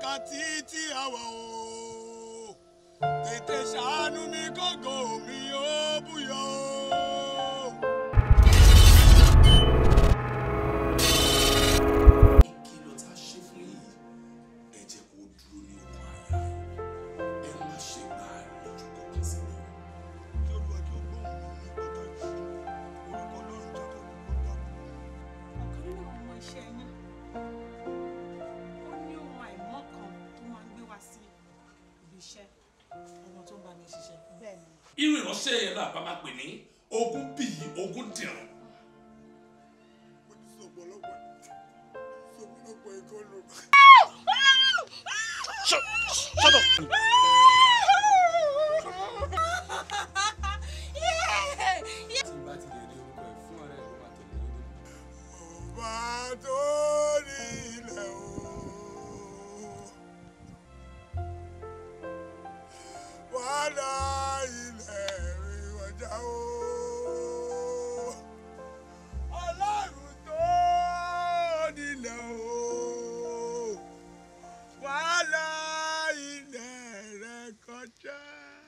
wákàtí tí a o. àwọn tó ń bá mi ṣiṣẹ́. irú ìránṣẹ́ yẹn náà bá máa pè ní ogún bíi ogún dìrún. mo 呀